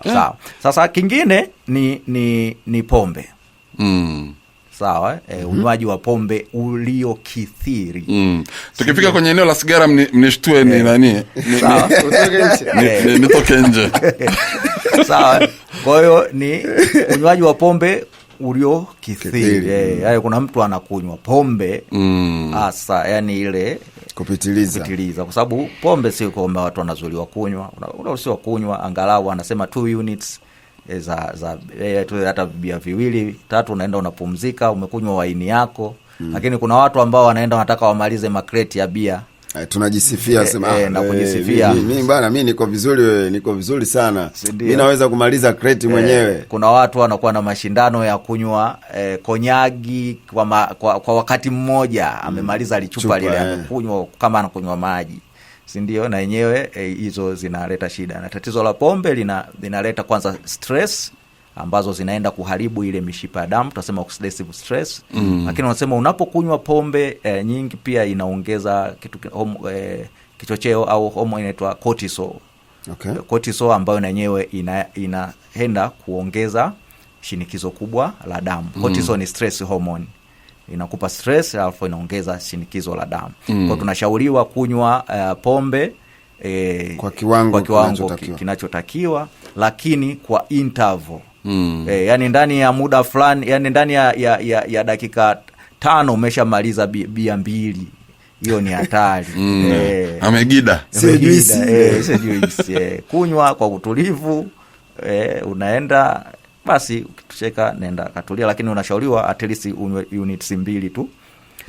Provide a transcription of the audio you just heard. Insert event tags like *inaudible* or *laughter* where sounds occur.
sawa eh. sawa Sasa kingine ni ni ni pombe mm. Sawa e, mm -hmm. Unywaji wa pombe uliokithiri mm. Tukifika kwenye eneo la sigara mnishtue ni eh. nani, *laughs* nitoke nje *laughs* sawa. Kwa hiyo ni unywaji wa pombe Mm. E, kuna mtu anakunywa pombe mm. hasa mm. yani ile kupitiliza, Kwa sababu pombe si kwamba watu wanazuliwa kunywa, unaruhusiwa kunywa angalau anasema two units eh, za za eh, tu hata bia viwili tatu, unaenda unapumzika, umekunywa waini yako mm. Lakini kuna watu ambao wanaenda wanataka wamalize makreti ya bia Eh, tunajisifia eh, sema e, eh, na kujisifia mimi bana, mimi niko vizuri, wewe niko vizuri sana, mimi naweza kumaliza kreti e, mwenyewe. Kuna watu wanakuwa na mashindano ya kunywa e, konyagi kwa, ma, kwa, kwa wakati mmoja mm. amemaliza lichupa lile amekunywa kama anakunywa maji si ndio? Na yenyewe hizo e, zinaleta shida, na tatizo la pombe lina, linaleta kwanza stress ambazo zinaenda kuharibu ile mishipa ya damu, tunasema oxidative stress mm. Lakini unasema unapokunywa pombe eh, nyingi pia inaongeza kitu eh, kichocheo au homo inaitwa cortisol okay. Cortisol ambayo nenyewe inaenda ina kuongeza shinikizo kubwa la damu mm. Cortisol ni stress hormone inakupa stress alafu inaongeza shinikizo la damu mm. kwa tunashauriwa kunywa uh, pombe eh, kwa kiwango, kwa kiwango kinachotakiwa, kinachotakiwa, lakini kwa interval mm. E, yani ndani ya muda fulani, yani ndani ya, ya, ya, ya dakika tano umeshamaliza bia mbili hiyo ni hatari *laughs* mm. E, amegida e, kunywa kwa utulivu e, unaenda basi, ukitucheka naenda katulia, lakini unashauriwa at least units mbili tu